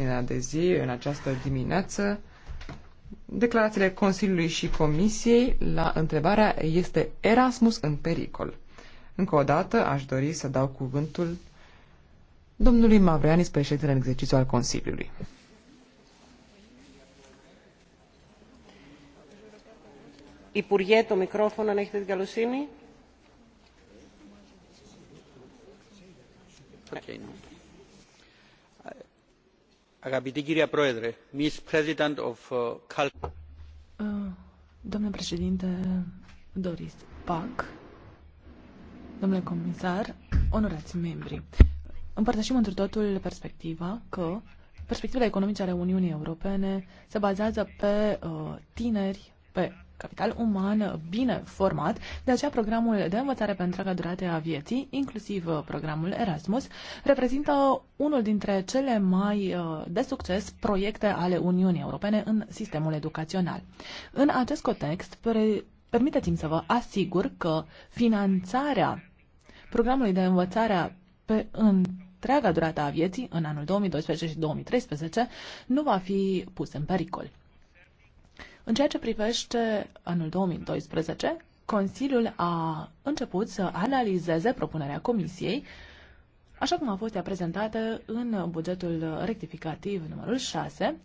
ordinea de zi în această dimineață declarațiile Consiliului și Comisiei la întrebarea este Erasmus în pericol. Încă o dată aș dori să dau cuvântul domnului Mavreanis, președintele în exercițiu al Consiliului. Υπουργέ, το μικρόφωνο αν έχετε την καλοσύνη. Okay, no. Uh, uh, domnule președinte Doris Pack, domnule comisar, onorați membri, împărtășim întru totul perspectiva că perspectivele economice ale Uniunii Europene se bazează pe uh, tineri, pe oameni tineri care capital uman bine format, de aceea programul de învățare pe întreaga durată a vieții, inclusiv uh, programul Erasmus, reprezintă unul dintre cele mai uh, de succes proiecte ale Uniunii Europene în sistemul educațional. În acest context, permiteți-mi să vă asigur că finanțarea programului de învățare pe în întreaga durată a vieții, în anul 2012 și 2013, nu va fi pus în pericol. În ceea ce privește anul 2012, Consiliul a început să analizeze propunerea Comisiei, așa cum a fost ea prezentată în bugetul rectificativ numărul 6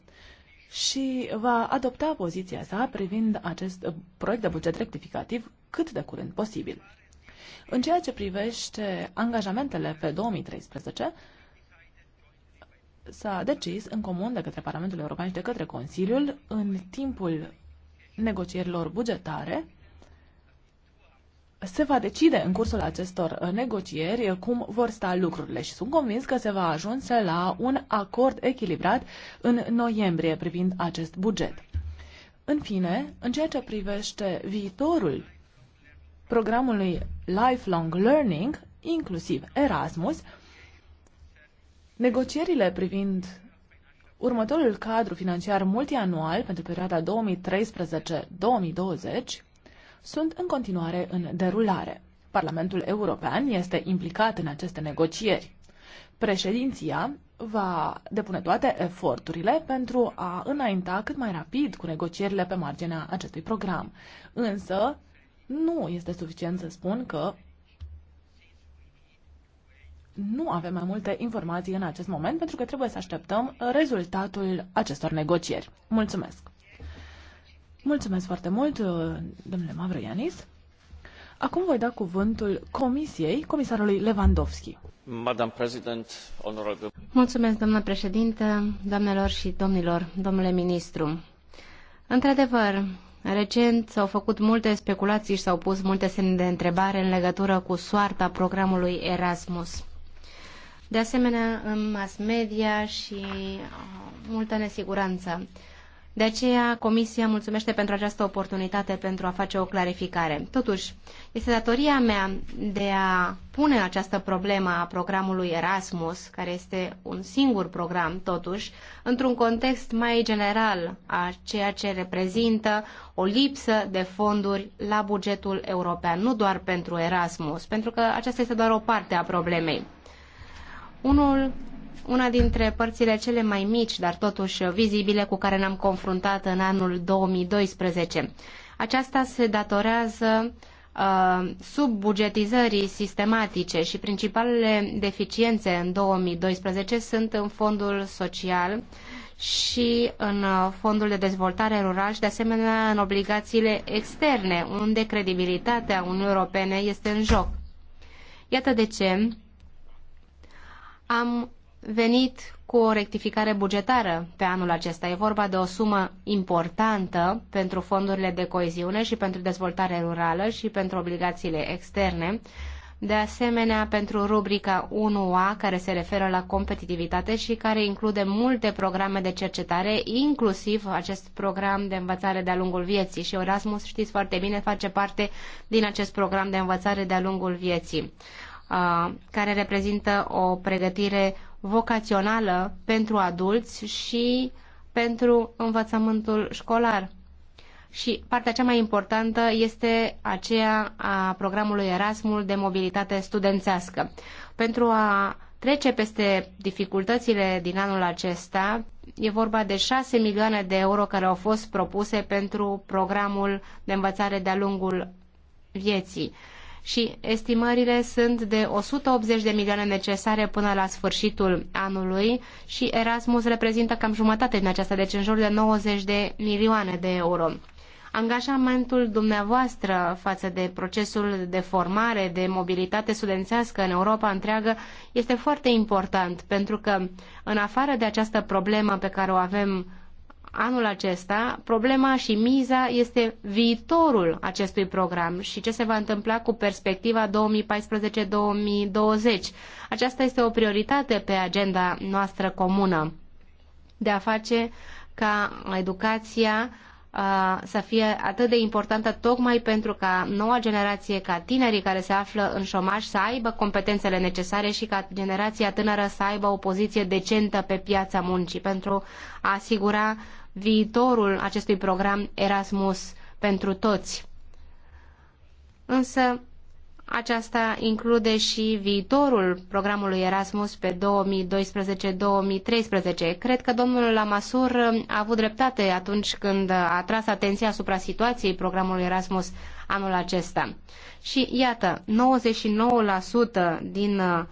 și va adopta poziția sa privind acest proiect de buget rectificativ cât de curând posibil. În ceea ce privește angajamentele pe 2013, s-a decis în comun de către Parlamentul European și de către Consiliul în timpul negocierilor bugetare se va decide în cursul acestor negocieri cum vor sta lucrurile și sunt convins că se va ajunge la un acord echilibrat în noiembrie privind acest buget. În fine, în ceea ce privește viitorul programului Lifelong Learning, inclusiv Erasmus, Negocierile privind următorul cadru financiar multianual pentru perioada 2013-2020 sunt în continuare în derulare. Parlamentul European este implicat în aceste negocieri. Președinția va depune toate eforturile pentru a înainta cât mai rapid cu negocierile pe marginea acestui program. Însă, nu este suficient să spun că nu avem mai multe informații în acest moment pentru că trebuie să așteptăm rezultatul acestor negocieri. Mulțumesc! Mulțumesc foarte mult, domnule Mavroianis. Acum voi da cuvântul Comisiei, comisarului Lewandowski. Madam President, Mulțumesc, doamnă președinte, doamnelor și domnilor, domnule ministru. Într-adevăr, Recent s-au făcut multe speculații și s-au pus multe semne de întrebare în legătură cu soarta programului Erasmus de asemenea în mass media și uh, multă nesiguranță. De aceea, Comisia mulțumește pentru această oportunitate pentru a face o clarificare. Totuși, este datoria mea de a pune această problemă a programului Erasmus, care este un singur program, totuși, într-un context mai general a ceea ce reprezintă o lipsă de fonduri la bugetul european, nu doar pentru Erasmus, pentru că aceasta este doar o parte a problemei. Unul, una dintre părțile cele mai mici, dar totuși vizibile, cu care ne-am confruntat în anul 2012. Aceasta se datorează uh, subbugetizării sistematice și principalele deficiențe în 2012 sunt în fondul social și în uh, fondul de dezvoltare rural și de asemenea în obligațiile externe, unde credibilitatea Uniunii Europene este în joc. Iată de ce am venit cu o rectificare bugetară pe anul acesta. E vorba de o sumă importantă pentru fondurile de coeziune și pentru dezvoltare rurală și pentru obligațiile externe. De asemenea, pentru rubrica 1A, care se referă la competitivitate și care include multe programe de cercetare, inclusiv acest program de învățare de-a lungul vieții. Și Erasmus, știți foarte bine, face parte din acest program de învățare de-a lungul vieții care reprezintă o pregătire vocațională pentru adulți și pentru învățământul școlar. Și partea cea mai importantă este aceea a programului Erasmus de mobilitate studențească. Pentru a trece peste dificultățile din anul acesta, e vorba de 6 milioane de euro care au fost propuse pentru programul de învățare de-a lungul vieții și estimările sunt de 180 de milioane necesare până la sfârșitul anului și Erasmus reprezintă cam jumătate din aceasta, deci în jur de 90 de milioane de euro. Angajamentul dumneavoastră față de procesul de formare, de mobilitate studențească în Europa întreagă este foarte important, pentru că în afară de această problemă pe care o avem anul acesta, problema și miza este viitorul acestui program și ce se va întâmpla cu perspectiva 2014-2020. Aceasta este o prioritate pe agenda noastră comună de a face ca educația să fie atât de importantă tocmai pentru ca noua generație, ca tinerii care se află în șomaj să aibă competențele necesare și ca generația tânără să aibă o poziție decentă pe piața muncii pentru a asigura viitorul acestui program Erasmus pentru toți. Însă aceasta include și viitorul programului Erasmus pe 2012-2013. Cred că domnul Lamasur a avut dreptate atunci când a tras atenția asupra situației programului Erasmus anul acesta. Și iată, 99% din uh,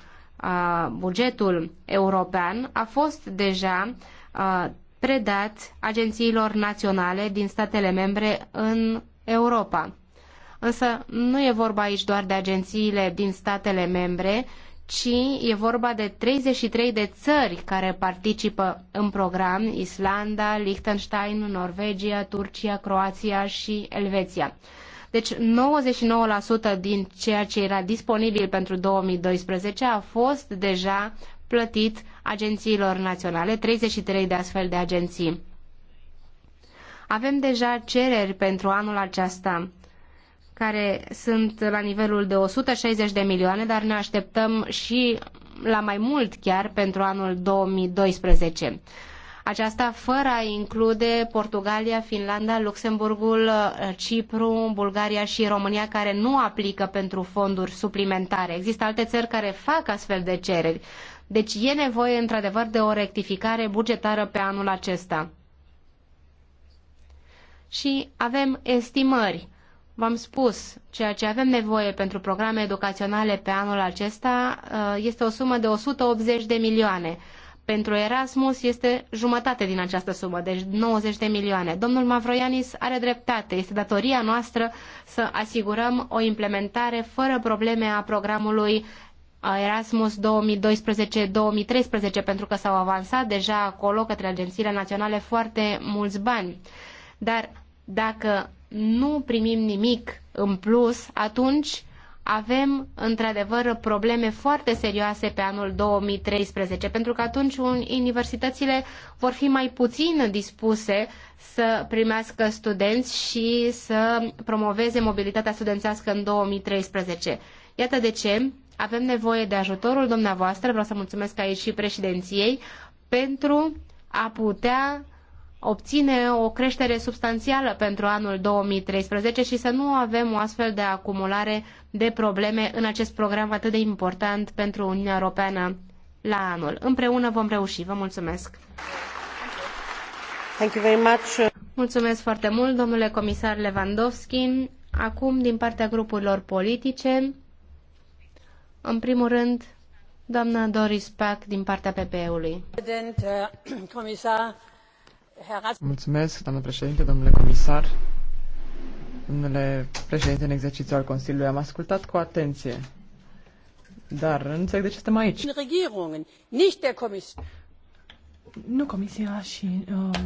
bugetul european a fost deja uh, predat agențiilor naționale din statele membre în Europa. Însă nu e vorba aici doar de agențiile din statele membre, ci e vorba de 33 de țări care participă în program, Islanda, Liechtenstein, Norvegia, Turcia, Croația și Elveția. Deci 99% din ceea ce era disponibil pentru 2012 a fost deja plătit agențiilor naționale, 33 de astfel de agenții. Avem deja cereri pentru anul acesta care sunt la nivelul de 160 de milioane, dar ne așteptăm și la mai mult chiar pentru anul 2012. Aceasta fără a include Portugalia, Finlanda, Luxemburgul, uh, Cipru, Bulgaria și România care nu aplică pentru fonduri suplimentare. Există alte țări care fac astfel de cereri. Deci e nevoie într-adevăr de o rectificare bugetară pe anul acesta. Și avem estimări. V-am spus, ceea ce avem nevoie pentru programe educaționale pe anul acesta uh, este o sumă de 180 de milioane pentru Erasmus este jumătate din această sumă, deci 90 de milioane. Domnul Mavroianis are dreptate. Este datoria noastră să asigurăm o implementare fără probleme a programului Erasmus 2012-2013, pentru că s-au avansat deja acolo către agențiile naționale foarte mulți bani. Dar dacă nu primim nimic în plus, atunci avem într-adevăr probleme foarte serioase pe anul 2013, pentru că atunci universitățile vor fi mai puțin dispuse să primească studenți și să promoveze mobilitatea studențească în 2013. Iată de ce avem nevoie de ajutorul dumneavoastră, vreau să mulțumesc aici și președinției, pentru a putea obține o creștere substanțială pentru anul 2013 și să nu avem o astfel de acumulare de probleme în acest program atât de important pentru Uniunea Europeană la anul. Împreună vom reuși. Vă mulțumesc! Thank you very much. Mulțumesc foarte mult, domnule comisar Lewandowski. Acum, din partea grupurilor politice, în primul rând, doamna Doris Pack din partea PPE-ului. Uh, mulțumesc, doamnă președinte, domnule comisar. Domnule președinte în exercițiu al Consiliului, am ascultat cu atenție, dar nu înțeleg de ce suntem aici. Nu Comisia și... Uh,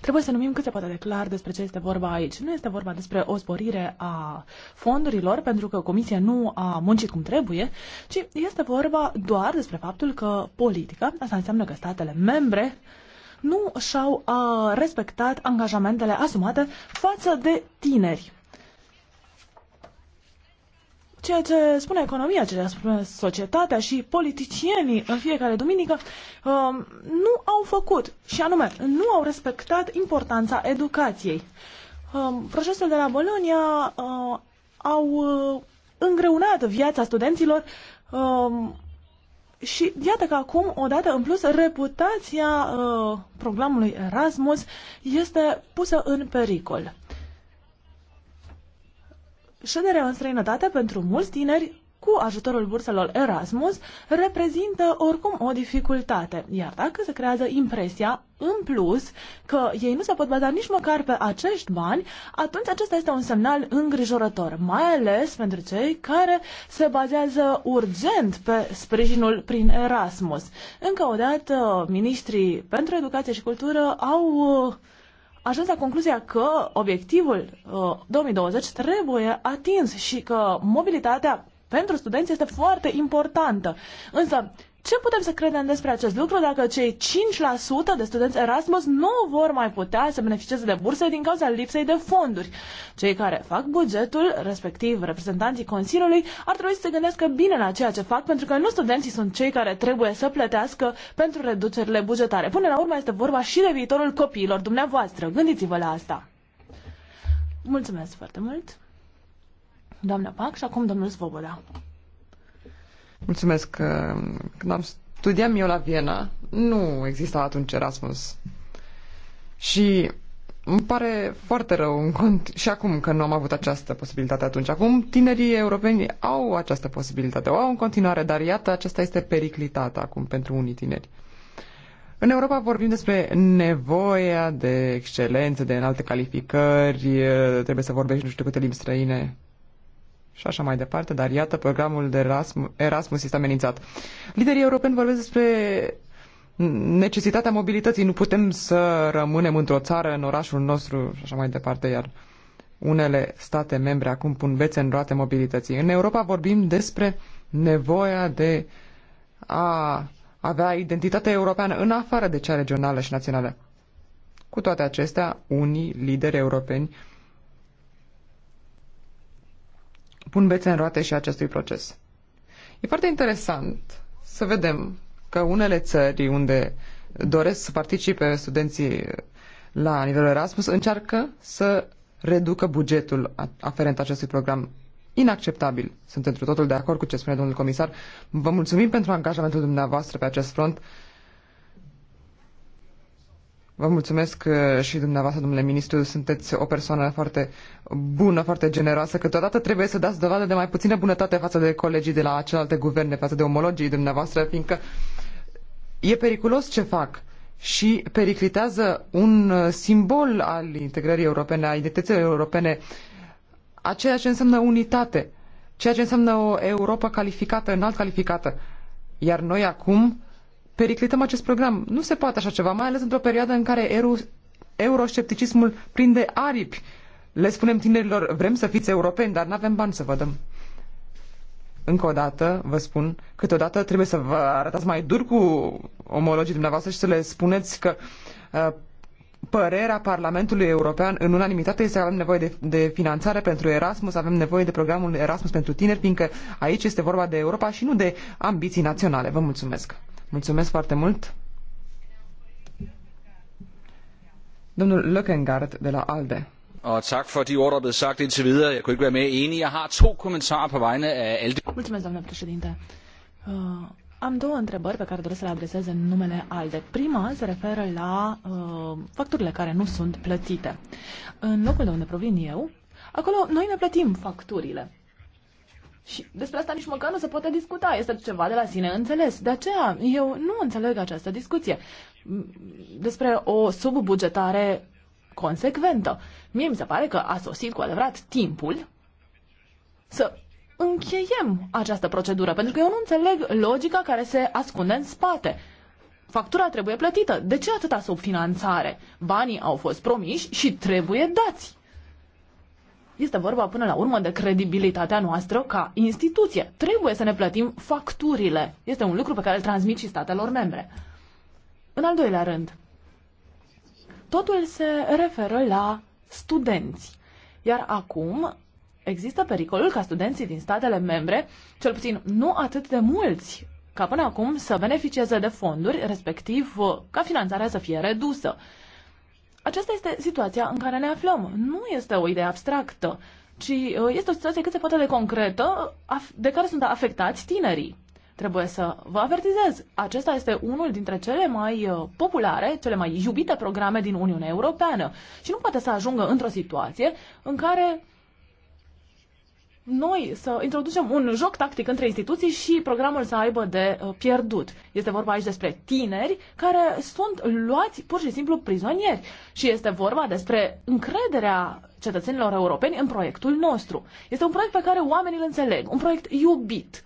trebuie să numim cât se poate de clar despre ce este vorba aici. Nu este vorba despre o sporire a fondurilor, pentru că Comisia nu a muncit cum trebuie, ci este vorba doar despre faptul că politica, asta înseamnă că statele membre uh, nu și-au uh, respectat angajamentele asumate față de tineri. Ceea ce spune economia, ceea ce spune societatea și politicienii în fiecare duminică uh, nu au făcut, și anume, nu au respectat importanța educației. Uh, procesele de la Bologna uh, au uh, îngreunat viața studenților uh, și iată că acum, odată în plus, reputația uh, programului Erasmus este pusă în pericol. Șederea în străinătate pentru mulți tineri cu ajutorul burselor Erasmus reprezintă oricum o dificultate. Iar dacă se creează impresia, în plus, că ei nu se pot baza nici măcar pe acești bani, atunci acesta este un semnal îngrijorător, mai ales pentru cei care se bazează urgent pe sprijinul prin Erasmus. Încă o dată, ministrii pentru educație și cultură au uh, ajuns la concluzia că obiectivul uh, 2020 trebuie atins și că mobilitatea pentru studenți este foarte importantă. Însă, ce putem să credem despre acest lucru dacă cei 5% de studenți Erasmus nu vor mai putea să beneficieze de burse din cauza lipsei de fonduri? Cei care fac bugetul, respectiv reprezentanții Consiliului, ar trebui să se gândească bine la ceea ce fac, pentru că nu studenții sunt cei care trebuie să plătească pentru reducerile bugetare. Până la urmă este vorba și de viitorul copiilor dumneavoastră. Gândiți-vă la asta! Mulțumesc foarte mult! doamna Pac și acum domnul Svoboda. Mulțumesc. Când am studiam eu la Viena, nu exista atunci Erasmus. Și îmi pare foarte rău în cont și acum că nu am avut această posibilitate atunci. Acum tinerii europeni au această posibilitate, o au în continuare, dar iată, aceasta este periclitată acum pentru unii tineri. În Europa vorbim despre nevoia de excelență, de înalte calificări, trebuie să vorbești nu știu câte limbi străine și așa mai departe, dar iată, programul de Erasmus, Erasmus este amenințat. Liderii europeni vorbesc despre necesitatea mobilității. Nu putem să rămânem într-o țară, în orașul nostru și așa mai departe, iar unele state membre acum pun bețe în roate mobilității. În Europa vorbim despre nevoia de a avea identitatea europeană în afară de cea regională și națională. Cu toate acestea, unii lideri europeni pun bețe în roate și acestui proces. E foarte interesant să vedem că unele țări unde doresc să participe studenții la nivelul Erasmus încearcă să reducă bugetul aferent acestui program. Inacceptabil. Sunt într totul de acord cu ce spune domnul comisar. Vă mulțumim pentru angajamentul dumneavoastră pe acest front Vă mulțumesc uh, și dumneavoastră, domnule ministru, sunteți o persoană foarte bună, foarte generoasă, Că totodată trebuie să dați dovadă de mai puțină bunătate față de colegii de la celelalte guverne, față de omologii dumneavoastră, fiindcă e periculos ce fac și periclitează un uh, simbol al integrării europene, a identității europene, a ceea ce înseamnă unitate, ceea ce înseamnă o Europa calificată, înalt calificată. Iar noi acum periclităm acest program. Nu se poate așa ceva, mai ales într-o perioadă în care euro, euroscepticismul prinde aripi. Le spunem tinerilor, vrem să fiți europeni, dar nu avem bani să vă dăm. Încă o dată vă spun, câteodată trebuie să vă arătați mai dur cu omologii dumneavoastră și să le spuneți că uh, părerea Parlamentului European în unanimitate este că avem nevoie de, de finanțare pentru Erasmus, avem nevoie de programul Erasmus pentru tineri, fiindcă aici este vorba de Europa și nu de ambiții naționale. Vă mulțumesc! Mulțumesc foarte mult. Domnul Løkkengard de la ALDE. Og tak for de ord, der er blevet sagt indtil videre. Jeg kunne ikke være mere enig. Jeg har to kommentarer på vegne af ALDE. Mulțumesc, președinte. Uh, am două întrebări pe care doresc să le adresez în numele ALDE. Prima se referă la uh, facturile care nu sunt plătite. În locul de unde provin eu, acolo noi ne plătim facturile. Și despre asta nici măcar nu se poate discuta, este ceva de la sine înțeles. De aceea eu nu înțeleg această discuție despre o subbugetare consecventă. Mie mi se pare că a sosit cu adevărat timpul să încheiem această procedură, pentru că eu nu înțeleg logica care se ascunde în spate. Factura trebuie plătită. De ce atâta subfinanțare? Banii au fost promiși și trebuie dați. Este vorba până la urmă de credibilitatea noastră ca instituție. Trebuie să ne plătim facturile. Este un lucru pe care îl transmit și statelor membre. În al doilea rând, totul se referă la studenți. Iar acum există pericolul ca studenții din statele membre, cel puțin nu atât de mulți ca până acum, să beneficieze de fonduri, respectiv ca finanțarea să fie redusă. Aceasta este situația în care ne aflăm. Nu este o idee abstractă, ci uh, este o situație cât se poate de concretă de care sunt afectați tinerii. Trebuie să vă avertizez, acesta este unul dintre cele mai uh, populare, cele mai iubite programe din Uniunea Europeană și nu poate să ajungă într-o situație în care noi să introducem un joc tactic între instituții și programul să aibă de uh, pierdut. Este vorba aici despre tineri care sunt luați pur și simplu prizonieri și este vorba despre încrederea cetățenilor europeni în proiectul nostru. Este un proiect pe care oamenii îl înțeleg, un proiect iubit.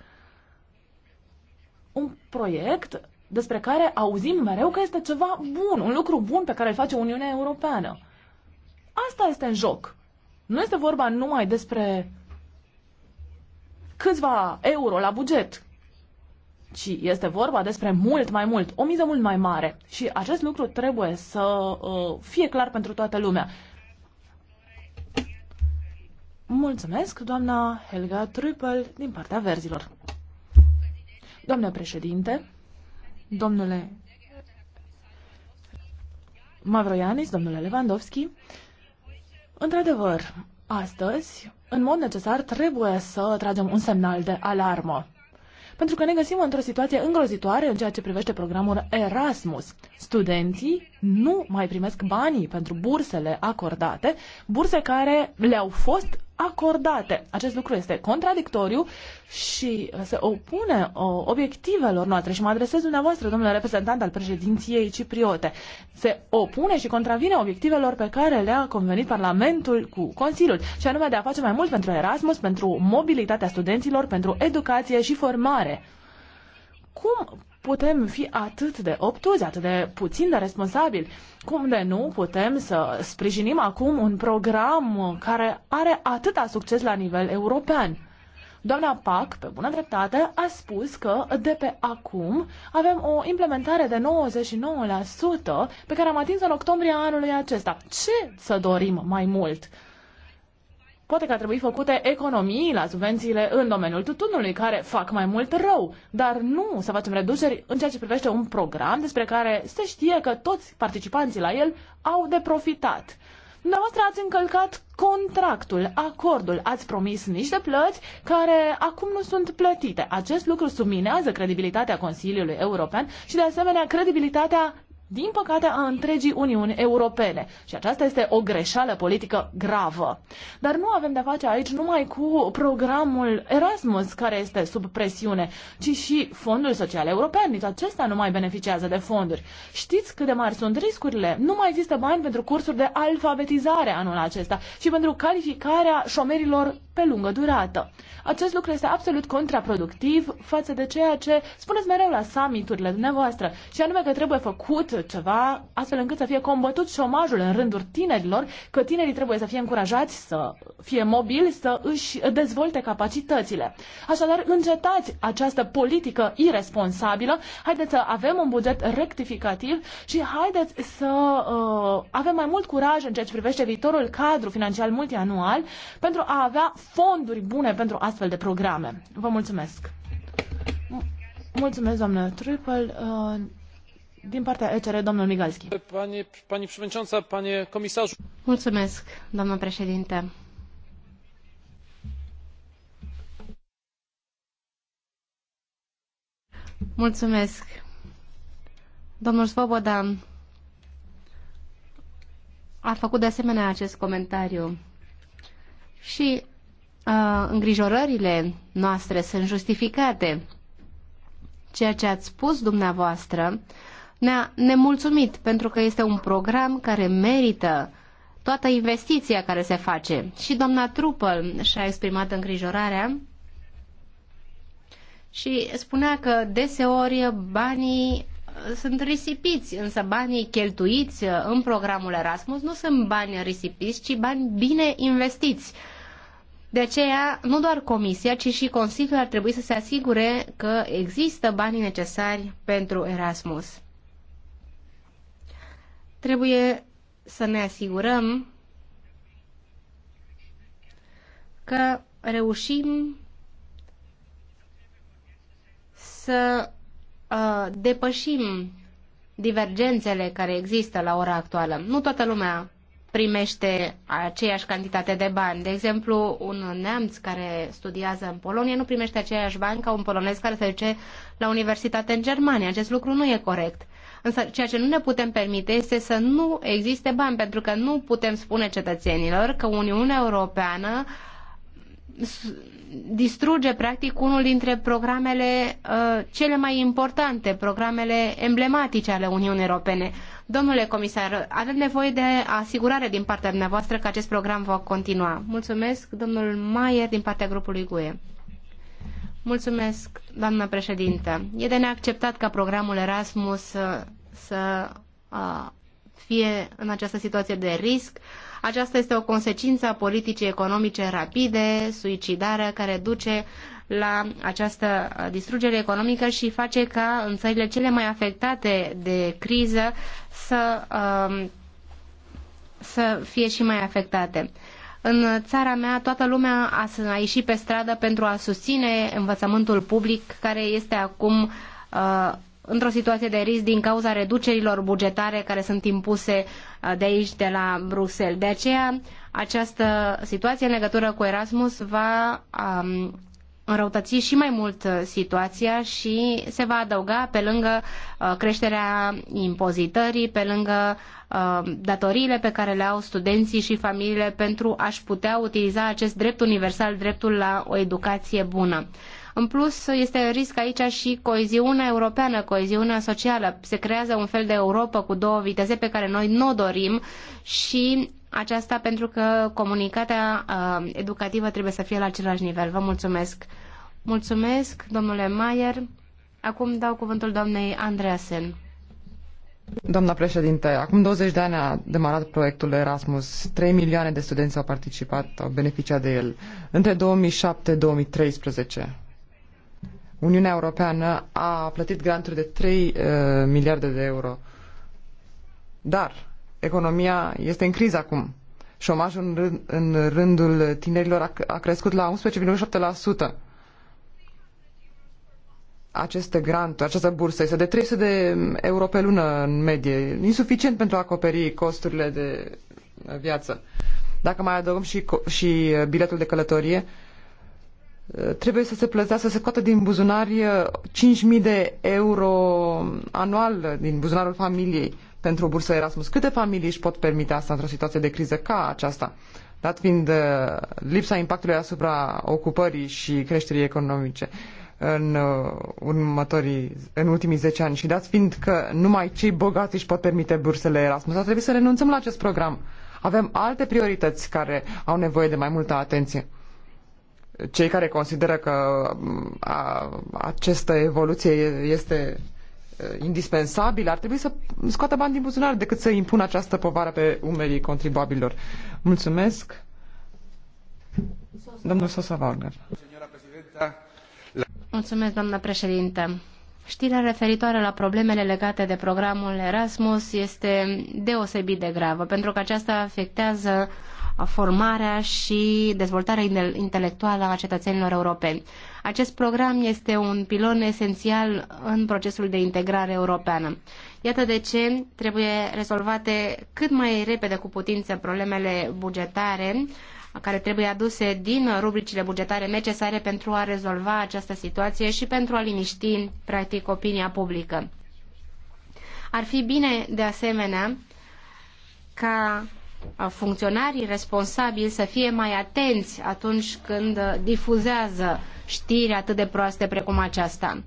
Un proiect despre care auzim mereu că este ceva bun, un lucru bun pe care îl face Uniunea Europeană. Asta este în joc. Nu este vorba numai despre câțiva euro la buget, ci este vorba despre mult mai mult, o miză mult mai mare. Și acest lucru trebuie să uh, fie clar pentru toată lumea. Mulțumesc, doamna Helga Trüppel, din partea verzilor. Doamne președinte, domnule Mavroianis, domnule Lewandowski, într-adevăr, astăzi în mod necesar trebuie să tragem un semnal de alarmă. Pentru că ne găsim într-o situație îngrozitoare în ceea ce privește programul Erasmus. Studenții nu mai primesc banii pentru bursele acordate, burse care le-au fost acordate. Acest lucru este contradictoriu și se opune obiectivelor noastre și mă adresez dumneavoastră, domnule reprezentant al președinției cipriote. Se opune și contravine obiectivelor pe care le-a convenit Parlamentul cu Consiliul, și anume de a face mai mult pentru Erasmus, pentru mobilitatea studenților, pentru educație și formare. Cum putem fi atât de obtuzi, atât de puțin de responsabili? Cum de nu putem să sprijinim acum un program care are atâta succes la nivel european? Doamna PAC, pe bună dreptate, a spus că de pe acum avem o implementare de 99% pe care am atins-o în octombrie anului acesta. Ce să dorim mai mult? Poate că ar trebui făcute economii la subvențiile în domeniul tutunului, care fac mai mult rău, dar nu să facem reduceri în ceea ce privește un program despre care se știe că toți participanții la el au de profitat. Dumneavoastră ați încălcat contractul, acordul, ați promis niște plăți care acum nu sunt plătite. Acest lucru subminează credibilitatea Consiliului European și de asemenea credibilitatea din păcate, a întregii Uniuni Europene. Și aceasta este o greșeală politică gravă. Dar nu avem de-a face aici numai cu programul Erasmus, care este sub presiune, ci și Fondul Social European. Nici deci acesta nu mai beneficiază de fonduri. Știți cât de mari sunt riscurile? Nu mai există bani pentru cursuri de alfabetizare anul acesta și pentru calificarea șomerilor pe lungă durată. Acest lucru este absolut contraproductiv față de ceea ce spuneți mereu la summiturile dumneavoastră, și anume că trebuie făcut ceva astfel încât să fie combătut șomajul în rândul tinerilor, că tinerii trebuie să fie încurajați să fie mobili, să își dezvolte capacitățile. Așadar, încetați această politică irresponsabilă, haideți să avem un buget rectificativ și haideți să uh, avem mai mult curaj în ceea ce privește viitorul cadru financiar multianual pentru a avea fonduri bune pentru a astfel de programe. Vă mulțumesc! Mulțumesc, doamnă Triple. Uh, din partea ECR, domnul Migalski. Pani, pani președinte, pani comisar. Mulțumesc, doamnă președinte. Mulțumesc. Domnul Svoboda a făcut de asemenea acest comentariu și îngrijorările noastre sunt justificate. Ceea ce ați spus dumneavoastră ne-a nemulțumit pentru că este un program care merită toată investiția care se face. Și doamna Trupel și-a exprimat îngrijorarea și spunea că deseori banii sunt risipiți, însă banii cheltuiți în programul Erasmus nu sunt bani risipiți, ci bani bine investiți de aceea, nu doar Comisia, ci și Consiliul ar trebui să se asigure că există banii necesari pentru Erasmus. Trebuie să ne asigurăm că reușim să uh, depășim divergențele care există la ora actuală. Nu toată lumea primește aceeași cantitate de bani. De exemplu, un neamț care studiază în Polonia nu primește aceiași bani ca un polonez care se duce la universitate în Germania. Acest lucru nu e corect. Însă ceea ce nu ne putem permite este să nu existe bani, pentru că nu putem spune cetățenilor că Uniunea Europeană uh, distruge practic unul dintre programele uh, cele mai importante, programele emblematice ale Uniunii Europene. Domnule comisar, avem nevoie de asigurare din partea dumneavoastră că acest program va continua. Mulțumesc, domnul Maier, din partea grupului GUE. Mulțumesc, doamnă președintă. E de neacceptat ca programul Erasmus să, uh, să uh, fie în această situație de risc. Uh, aceasta este o consecință a politicii economice rapide, suicidară, care duce la această distrugere economică și face ca în țările cele mai afectate de criză să, um, să fie și mai afectate. În țara mea, toată lumea a, a ieșit pe stradă pentru a susține învățământul public, care este acum uh, într-o situație de risc din cauza reducerilor bugetare care sunt impuse uh, de aici, de la Bruxelles. De aceea, această situație în legătură cu Erasmus va um, înrăutăți și mai mult uh, situația și se va adăuga pe lângă uh, creșterea impozitării, pe lângă uh, datoriile pe care le au studenții și familiile pentru a-și putea utiliza acest drept universal, dreptul la o educație bună. În plus, este risc aici și coeziunea europeană, coeziunea socială. Se creează un fel de Europa cu două viteze pe care noi nu o dorim și aceasta pentru că comunitatea uh, educativă trebuie să fie la același nivel. Vă mulțumesc! Mulțumesc, domnule Maier. Acum dau cuvântul doamnei Andreasen. Doamna președinte, acum 20 de ani a demarat proiectul Erasmus. 3 milioane de studenți au participat, au beneficiat de el. Între 2007-2013 Uniunea Europeană a plătit granturi de 3 uh, eh, miliarde de euro. Dar economia este în criză acum. Șomajul în, rând, în rândul tinerilor a, a crescut la 11,7%. Aceste granturi, această bursă este de 300 de euro pe lună în medie, insuficient pentru a acoperi costurile de viață. Dacă mai adăugăm și, și biletul de călătorie, uh, Eh, trebuie să se plătească, să se coată din buzunari eh, 5.000 de euro anual eh, din buzunarul familiei pentru o bursă Erasmus. Câte familii își pot permite asta într-o situație de criză ca aceasta? Dat fiind lipsa impactului asupra ocupării și creșterii economice în, următorii, în ultimii 10 ani și dat fiind că numai cei bogați își pot permite bursele Erasmus, a trebuit să renunțăm la acest program. Avem alte priorități care au nevoie de mai multă atenție cei care consideră că mm, a, această evoluție este indispensabilă ar trebui să scoată bani din buzunar decât să impună această povară pe umerii contribuabililor. Mulțumesc. Domnul Sosa Wagner. Mulțumesc, doamna președintă. Știrea referitoare la problemele legate de programul Erasmus este deosebit de gravă, pentru că aceasta afectează uh, formarea și dezvoltarea intelectuală a cetățenilor europeni. Acest program este un pilon esențial în procesul de integrare europeană. Iată de ce trebuie rezolvate cât mai repede cu putință problemele bugetare care trebuie aduse din rubricile bugetare necesare pentru a rezolva această situație și pentru a liniști, practic, opinia publică. Ar fi bine, de asemenea, ca funcționarii responsabili să fie mai atenți atunci când uh, difuzează știri atât de proaste precum aceasta.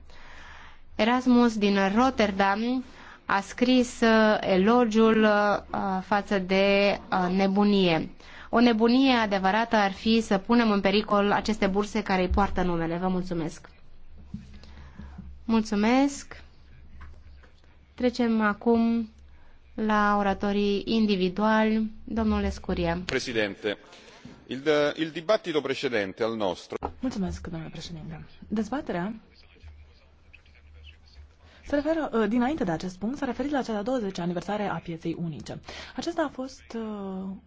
Erasmus din Rotterdam a scris uh, elogiul uh, față de nebunie. O nebunie adevărată ar fi să punem în pericol aceste burse care îi poartă numele. Vă mulțumesc! Mulțumesc! Trecem acum la oratorii individuali. Domnule Scurie. Președinte, il, il dibattito precedente al nostro... Mulțumesc, domnule președinte. Dezbaterea se referă, ă, dinainte de acest punct, s-a referit la cea de-a 20 aniversare a pieței unice. Acesta a fost... Ă,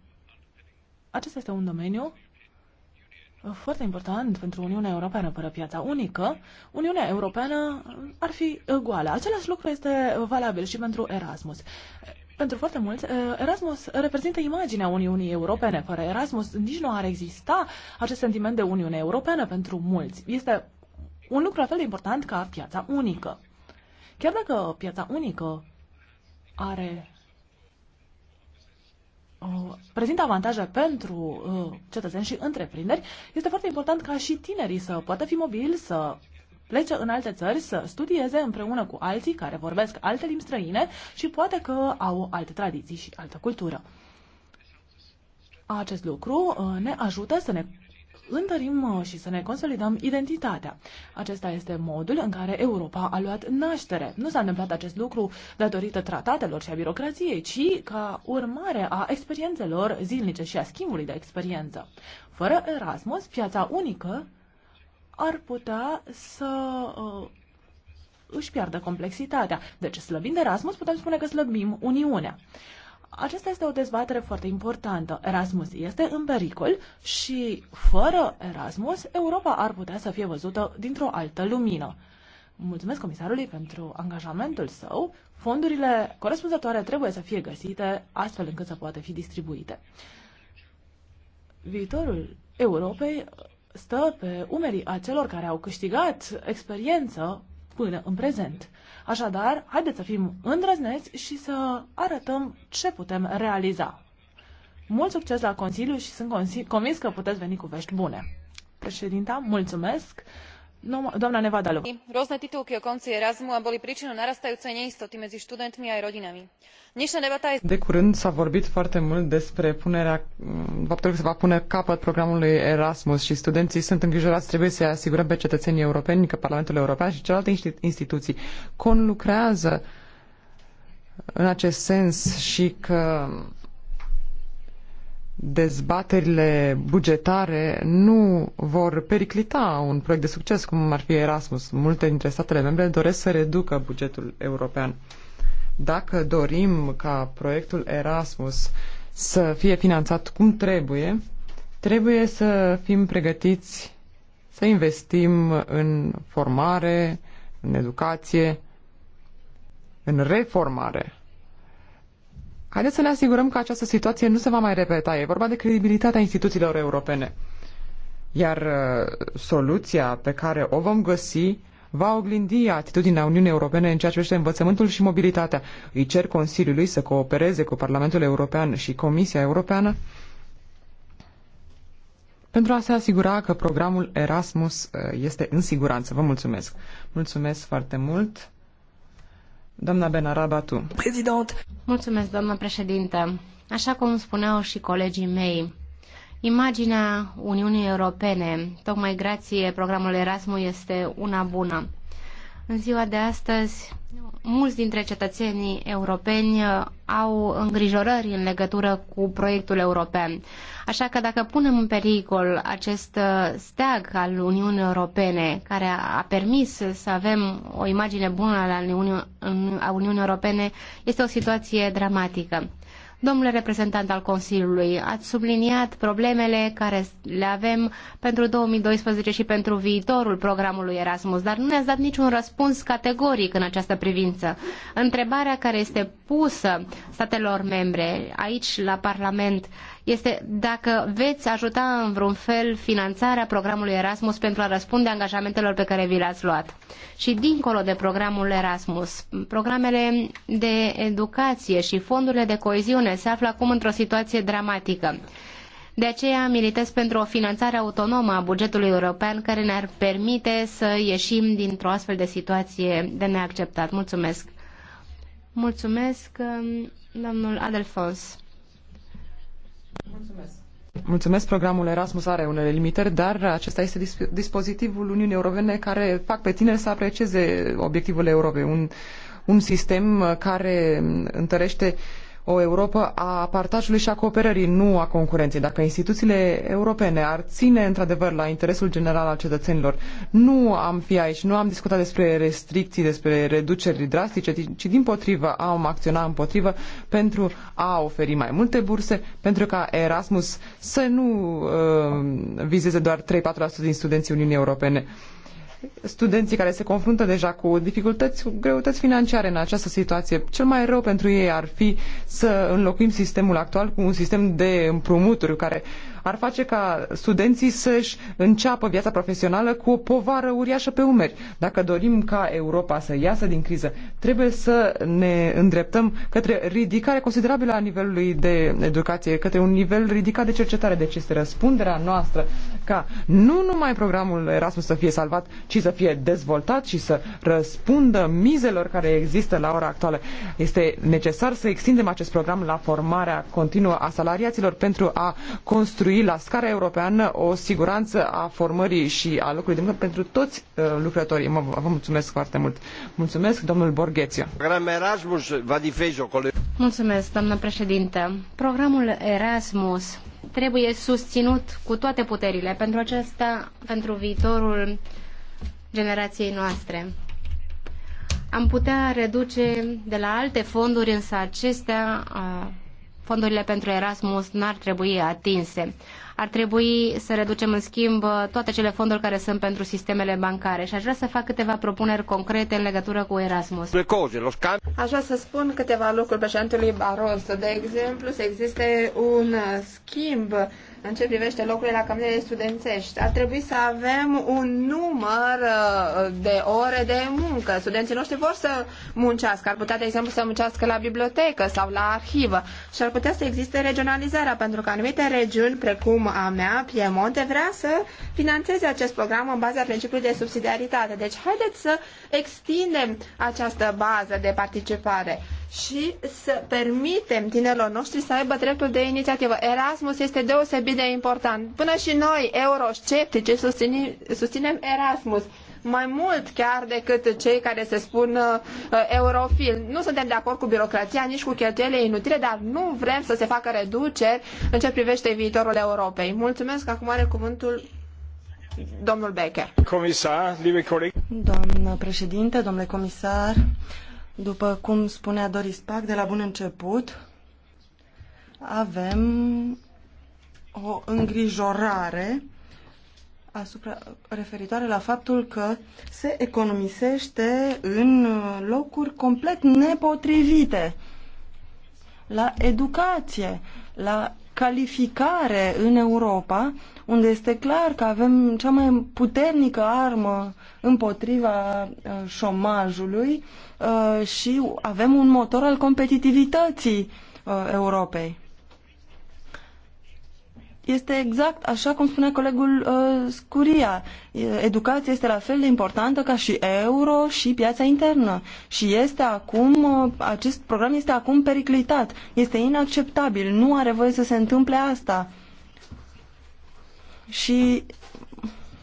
acesta este un domeniu foarte important pentru Uniunea Europeană fără piața unică, Uniunea Europeană ar fi goală. Același lucru este valabil și pentru Erasmus. Pentru foarte mulți, Erasmus reprezintă imaginea Uniunii Europene. Fără Erasmus nici nu ar exista acest sentiment de Uniune Europeană pentru mulți. Este un lucru la fel de important ca piața unică. Chiar dacă piața unică are Uh, prezintă avantaje pentru uh, cetățeni și întreprinderi, este foarte important ca și tinerii să poată fi mobili, să plece în alte țări să studieze împreună cu alții care vorbesc alte limbi străine și poate că au alte tradiții și altă cultură. Acest lucru uh, ne ajută să ne întărim uh, și să ne consolidăm identitatea. Acesta este modul în care Europa a luat naștere. Nu s-a întâmplat acest lucru datorită tratatelor și a birocrației, ci ca urmare a experiențelor zilnice și a schimbului de experiență. Fără Erasmus, piața unică ar putea să uh, își piardă complexitatea. Deci, slăbind Erasmus, putem spune că slăbim Uniunea. Aceasta este o dezbatere foarte importantă. Erasmus este în pericol și fără Erasmus, Europa ar putea să fie văzută dintr-o altă lumină. Mulțumesc comisarului pentru angajamentul său. Fondurile corespunzătoare trebuie să fie găsite astfel încât să poată fi distribuite. Viitorul Europei stă pe umerii acelor care au câștigat experiență până în prezent. Așadar, haideți să fim îndrăzneți și să arătăm ce putem realiza. Mult succes la Consiliu și sunt convins că puteți veni cu vești bune. Președinta, mulțumesc! Rôzne titulky o konci Erasmu a boli príčinou narastajúcej neistoty medzi študentmi aj rodinami. Dnešná debata je... De curând s-a vorbit foarte mult despre punerea, mm, faptul că se va pune capăt programului Erasmus și studenții sunt îngrijorați, trebuie să asigurăm pe cetățenii europeni că Parlamentul European și celelalte instituții conlucrează în acest sens și că dezbaterile bugetare nu vor periclita un proiect de succes, cum ar fi Erasmus. Multe dintre statele membre doresc să reducă bugetul european. Dacă dorim ca proiectul Erasmus să fie finanțat cum trebuie, trebuie să fim pregătiți să investim în formare, în educație, în reformare Haideți să ne asigurăm că această situație nu se va mai repeta. E vorba de credibilitatea instituțiilor europene. Iar uh, soluția pe care o vom găsi va oglindi atitudinea Uniunii Europene în ceea ce privește învățământul și mobilitatea. Îi cer Consiliului să coopereze cu Parlamentul European și Comisia Europeană pentru a se asigura că programul Erasmus uh, este în siguranță. Vă mulțumesc! Mulțumesc foarte mult! Doamna Benarabatu. Prezident. Mulțumesc, doamnă președinte. Așa cum spuneau și colegii mei, imaginea Uniunii Europene, tocmai grație programului Erasmus, este una bună. În ziua de astăzi, mulți dintre cetățenii europeni uh, au îngrijorări în legătură cu proiectul european. Așa că dacă punem în pericol acest uh, steag al Uniunii Europene, care a permis să avem o imagine bună a Uniunii Europene, este o situație dramatică. Domnule reprezentant al Consiliului, ați subliniat problemele care le avem pentru 2012 și pentru viitorul programului Erasmus, dar nu ne-ați dat niciun răspuns categoric în această privință. Întrebarea care este pusă statelor membre aici la Parlament este dacă veți ajuta în vreun fel finanțarea programului Erasmus pentru a răspunde angajamentelor pe care vi le-ați luat. Și dincolo de programul Erasmus, programele de educație și fondurile de coeziune se află acum într-o situație dramatică. De aceea militez pentru o finanțare autonomă a bugetului european care ne-ar permite să ieșim dintr-o astfel de situație de neacceptat. Mulțumesc! Mulțumesc, um, domnul Adelfons. Mulțumesc. Mulțumesc, programul Erasmus are unele limitări, dar acesta este disp- dispozitivul Uniunii Europene care fac pe tineri să aprecieze obiectivul Europei. Un, un sistem care întărește uh, o Europa a partajului și a cooperării, nu a concurenței. Dacă instituțiile europene ar ține într-adevăr la interesul general al cetățenilor, nu am fi aici, nu am discutat despre restricții, despre reduceri drastice, ci din potrivă am acționat împotrivă pentru a oferi mai multe burse, pentru ca Erasmus să nu uh, vizeze doar 3-4% din studenții Uniunii Europene. Uh, studenții care se confruntă deja cu dificultăți, cu greutăți financiare în această situație. Cel mai rău pentru ei ar fi să înlocuim sistemul actual cu un sistem de împrumuturi care ar face ca studenții să-și înceapă viața profesională cu o povară uriașă pe umeri. Dacă dorim ca Europa să iasă din criză, trebuie să ne îndreptăm către ridicare considerabilă a nivelului de educație, către un nivel ridicat de cercetare. Deci este răspunderea noastră ca nu numai programul Erasmus să fie salvat, ci să fie dezvoltat și să răspundă mizelor care există la ora actuală. Este necesar să extindem acest program la formarea continuă a salariaților pentru a construi construi la scară europeană o siguranță a formării și a locului de muncă pentru toți uh, lucrătorii. Mă, vă mulțumesc foarte mult. Mulțumesc, domnul Borghețiu. Mulțumesc, doamnă președinte. Programul Erasmus trebuie susținut cu toate puterile pentru acesta, pentru viitorul generației noastre. Am putea reduce de la alte fonduri, însă acestea uh, fondurile pentru Erasmus n-ar trebui atinse. Ar trebui să reducem, în schimb, uh, toate cele fonduri care sunt pentru sistemele bancare. Și aș vrea să fac câteva propuneri concrete în legătură cu Erasmus. Aș vrea să spun câteva lucruri președintelui Barroso. De exemplu, să existe un uh, schimb în ce privește locurile la camerele studențești. Ar trebui să avem un număr uh, de ore de muncă. Studenții noștri vor să muncească. Ar putea, de exemplu, să muncească la bibliotecă sau la arhivă. Și ar putea să existe regionalizarea, pentru că anumite regiuni, precum a mea, Piemonte, vrea să financeze acest program în baza principiului de subsidiaritate. Deci haideți să extindem această bază de participare și să permitem tinerilor noștri să aibă dreptul de inițiativă. Erasmus este deosebit de important. Până și noi, eurosceptici, susținem Erasmus mai mult chiar decât cei care se spun uh, eurofil. Nu suntem de acord cu birocrația, nici cu cheltuielile inutile, dar nu vrem să se facă reduceri în ce privește viitorul Europei. Mulțumesc, acum are cuvântul domnul Becker. Comisar, liebe coleg. Doamnă președinte, domnule comisar, după cum spunea Doris Pac de la bun început, avem o îngrijorare asupra, referitoare la faptul că se economisește în locuri complet nepotrivite, la educație, la calificare în Europa, unde este clar că avem cea mai puternică armă împotriva uh, șomajului uh, și avem un motor al competitivității uh, Europei este exact așa cum spunea colegul uh, Scuria. Educația este la fel de importantă ca și euro și piața internă. Și este acum, uh, acest program este acum periclitat. Este inacceptabil. Nu are voie să se întâmple asta. Și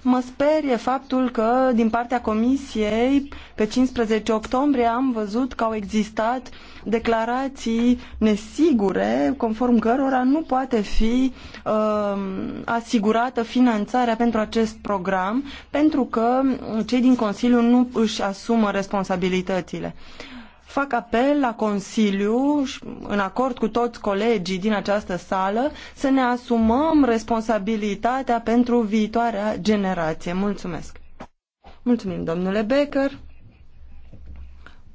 Mă sperie faptul că din partea Comisiei pe 15 octombrie am văzut că au existat declarații nesigure conform cărora nu poate fi uh, asigurată finanțarea pentru acest program pentru că cei din Consiliu nu își asumă responsabilitățile. Uh, fac apel la Consiliu, în acord cu toți colegii din această sală, să ne asumăm responsabilitatea pentru viitoarea generație. Mulțumesc! Mulțumim, domnule Becker!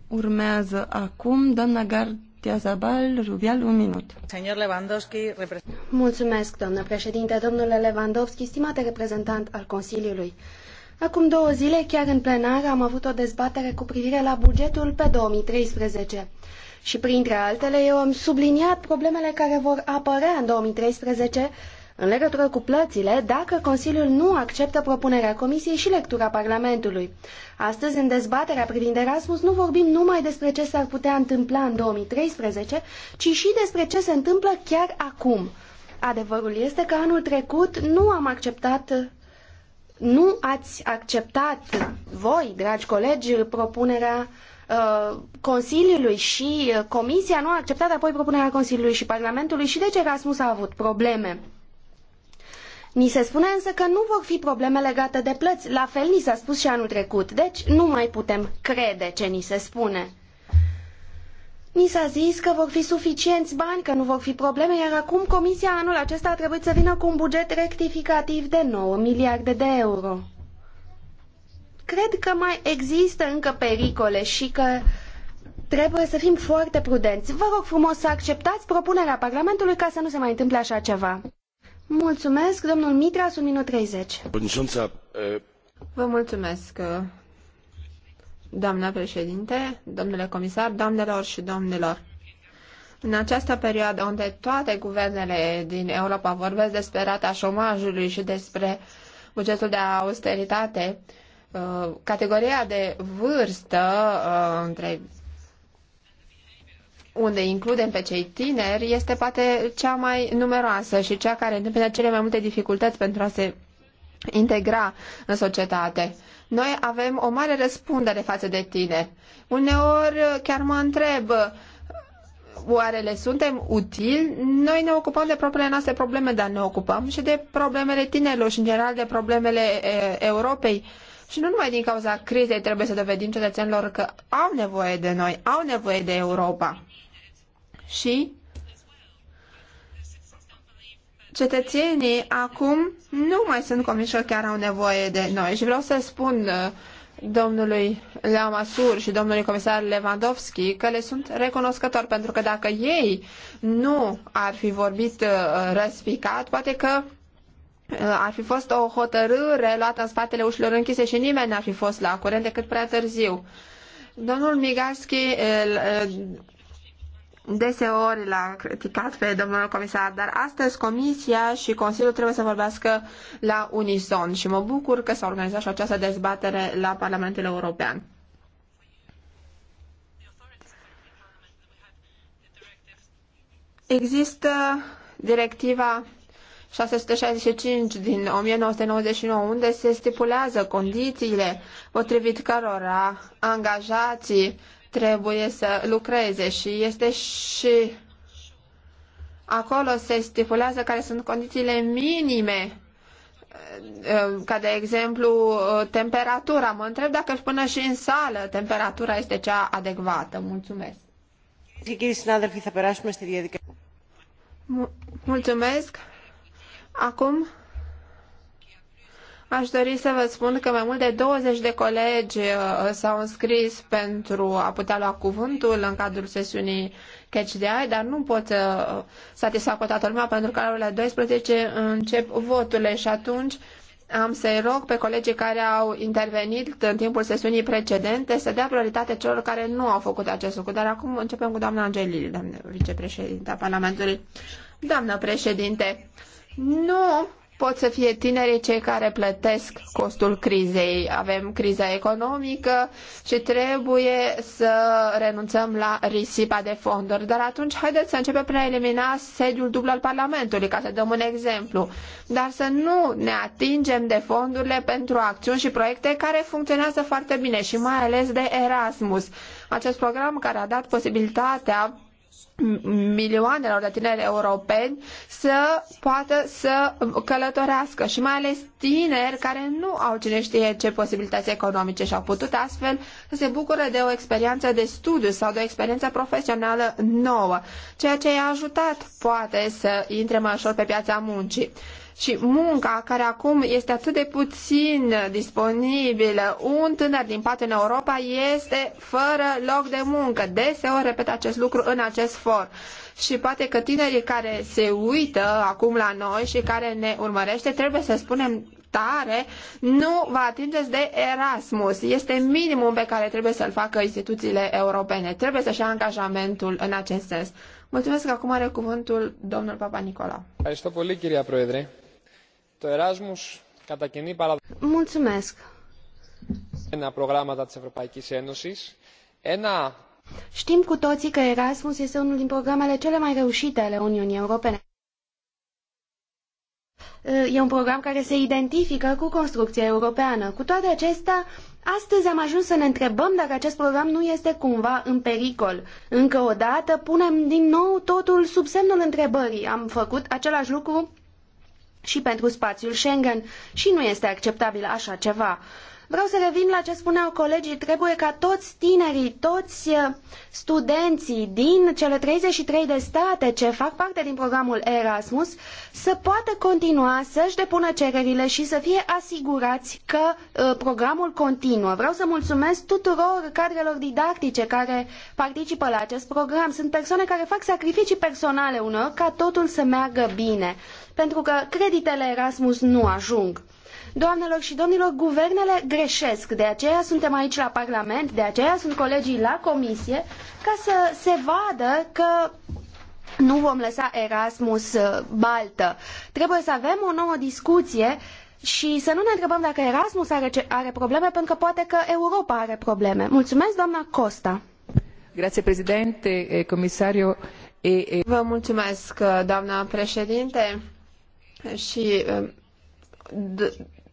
Urmează acum doamna Gardia Zabal, Rubial, un minut. Mulțumesc, doamnă președinte, domnule Lewandowski, stimate reprezentant al Consiliului. Acum două zile, chiar în plenar, am avut o dezbatere cu privire la bugetul pe 2013. Și printre altele, eu am subliniat problemele care vor apărea în 2013 în legătură cu plățile dacă Consiliul nu acceptă propunerea Comisiei și lectura Parlamentului. Astăzi, în dezbaterea privind Erasmus, nu vorbim numai despre ce s-ar putea întâmpla în 2013, ci și despre ce se întâmplă chiar acum. Adevărul este că anul trecut nu am acceptat nu ați acceptat voi, dragi colegi, propunerea uh, Consiliului și uh, Comisia nu a acceptat apoi propunerea Consiliului și Parlamentului și deci Erasmus a avut probleme. Ni se spune însă că nu vor fi probleme legate de plăți. La fel ni s-a spus și anul trecut. Deci nu mai putem crede ce ni se spune. Ni s-a zis că vor fi suficienți bani, că nu vor fi probleme, iar acum Comisia anul acesta a trebuit să vină cu un buget rectificativ de 9 miliarde de euro. Cred că mai există încă pericole și că trebuie să fim foarte prudenți. Vă rog frumos să acceptați propunerea Parlamentului ca să nu se mai întâmple așa ceva. Mulțumesc, domnul Mitras, un minut 30. Vă mulțumesc, Doamna președinte, domnule comisar, doamnelor și domnilor, în această perioadă unde toate guvernele din Europa vorbesc despre rata șomajului și despre bugetul de austeritate, uh, categoria de vârstă uh, între unde includem pe cei tineri, este poate cea mai numeroasă și cea care îndeplinește cele mai multe dificultăți pentru a se integra în societate. Noi avem o mare răspundere față de tine. Uneori uh, chiar mă întreb, uh, oare le suntem utili? Noi ne ocupăm de propriile noastre probleme, dar ne ocupăm și de problemele tinerilor și în general de problemele e, Europei. Și nu numai din cauza crizei trebuie să dovedim cetățenilor că au nevoie de noi, au nevoie de Europa. Și Cetățenii acum nu mai sunt convinși că chiar au nevoie de noi și vreau să spun uh, domnului Lamasur și domnului comisar Lewandowski că le sunt recunoscători, pentru că dacă ei nu ar fi vorbit uh, răspicat, poate că uh, ar fi fost o hotărâre luată în spatele ușilor închise și nimeni n-ar fi fost la curent decât prea târziu. Domnul Migalski deseori l-am criticat pe domnul comisar, dar astăzi Comisia și Consiliul trebuie să vorbească la unison și mă bucur că s-a organizat și această dezbatere la Parlamentul European. Există directiva 665 din 1999, unde se stipulează condițiile potrivit cărora angajații trebuie să lucreze și este și acolo se stipulează care sunt condițiile minime eh, eh, ca de exemplu eh, temperatura. Mă întreb dacă până și în sală temperatura este cea adecvată. Mulțumesc. Mulțumesc. Acum Aș dori să vă spun că mai mult de 20 de colegi uh, s-au înscris pentru a putea lua cuvântul în cadrul sesiunii Catch the Eye, dar nu pot să uh, satisfac pe toată lumea pentru că la orele 12 încep voturile și atunci am să-i rog pe colegii care au intervenit în timpul sesiunii precedente să dea prioritate celor care nu au făcut acest lucru. Dar acum începem cu doamna Angelil, doamna a Parlamentului. Doamnă președinte, nu pot să fie tinerii cei care plătesc costul crizei. Avem criza economică și trebuie să renunțăm la risipa de fonduri. Dar atunci haideți să începem prin a elimina sediul dublu al Parlamentului, ca să dăm un exemplu. Dar să nu ne atingem de fondurile pentru acțiuni și proiecte care funcționează foarte bine și mai ales de Erasmus. Acest program care a dat posibilitatea milioanelor de tineri europeni să poată să călătorească și mai ales tineri care nu au cine știe ce posibilități economice și au putut astfel să se bucure de o experiență de studiu sau de o experiență profesională nouă, ceea ce i-a ajutat poate să intre mai ușor pe piața muncii și munca care acum este atât de puțin disponibilă. Un tânăr din patru în Europa este fără loc de muncă. Deseori repet acest lucru în acest for. Și poate că tinerii care se uită acum la noi și care ne urmărește, trebuie să spunem tare, nu vă atingeți de Erasmus. Este minimum pe care trebuie să-l facă instituțiile europene. Trebuie să-și ia angajamentul în acest sens. Mulțumesc că acum are cuvântul domnul Papa Nicola. Aici, Το Erasmus κατακινεί παρα... Mulțumesc. Ένα προγράμματα της Ευρωπαϊκής Ένωσης. Ένα... Știm cu toții că Erasmus este unul din programele cele mai reușite ale Uniunii Europene. E un program care se identifică cu construcția europeană. Cu toate acestea, astăzi am ajuns să ne întrebăm dacă acest program nu este cumva în pericol. Încă o dată punem din nou totul sub semnul întrebării. Am făcut același lucru și pentru spațiul Schengen și nu este acceptabil așa ceva. Vreau să revin la ce spuneau colegii. Trebuie ca toți tinerii, toți eh, studenții din cele 33 de state ce fac parte din programul Erasmus să poată continua să-și depună cererile și să fie asigurați că eh, programul continuă. Vreau să mulțumesc tuturor cadrelor didactice care participă la acest program. Sunt persoane care fac sacrificii personale uneori ca totul să meargă bine, pentru că creditele Erasmus nu ajung. Doamnelor și domnilor, guvernele greșesc, de aceea suntem aici la Parlament, de aceea sunt colegii la Comisie, ca să se vadă că nu vom lăsa Erasmus uh, baltă. Trebuie să avem o nouă discuție și să nu ne întrebăm dacă Erasmus are, are probleme, pentru că poate că Europa are probleme. Mulțumesc, doamna Costa. Grazie, președinte, eh, Vă mulțumesc, doamna președinte. Și eh,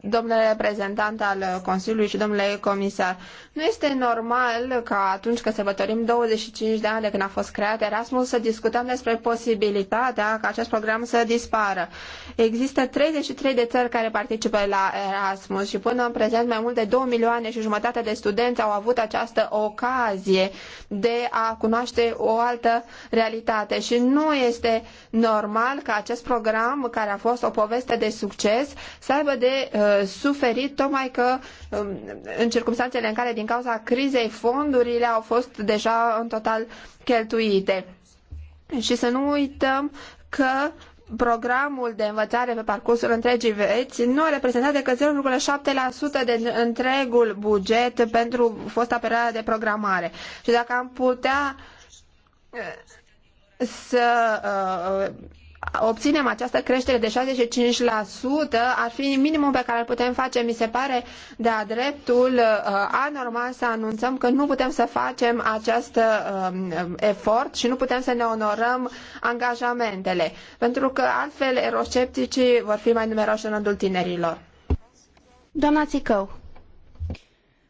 domnule reprezentant al Consiliului și domnule comisar, nu este normal ca atunci când sărbătorim 25 de ani de când a fost creat Erasmus să discutăm despre posibilitatea ca acest program să dispară. Există 33 de țări care participă la Erasmus și până în prezent mai mult de 2 milioane și jumătate de studenți au avut această ocazie de a cunoaște o altă realitate și nu este normal ca acest program care a fost o poveste de succes să aibă de uh, suferit, tocmai că um, în circunstanțele în care din cauza crizei fondurile au fost deja în total cheltuite. Și să nu uităm că programul de învățare pe parcursul întregii veți nu a reprezentat decât 0,7% de întregul buget pentru fosta perioadă de programare. Și dacă am putea uh, să uh, obținem această creștere de 65% ar fi minimul pe care îl putem face. Mi se pare de-a dreptul uh, anormal să anunțăm că nu putem să facem acest uh, um, efort și nu putem să ne onorăm angajamentele, pentru că altfel eroscepticii vor fi mai numeroși în rândul tinerilor. Doamna Țicău,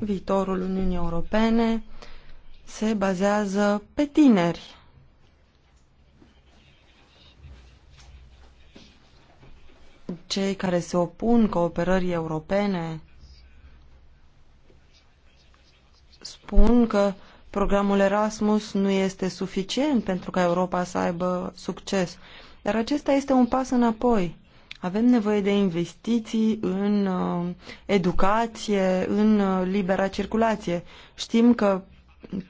viitorul Uniunii Europene se bazează pe tineri. Cei care se opun cooperării europene spun că programul Erasmus nu este suficient pentru ca Europa să aibă succes. Dar acesta este un pas înapoi. Avem nevoie de investiții în uh, educație, în uh, libera circulație. Știm că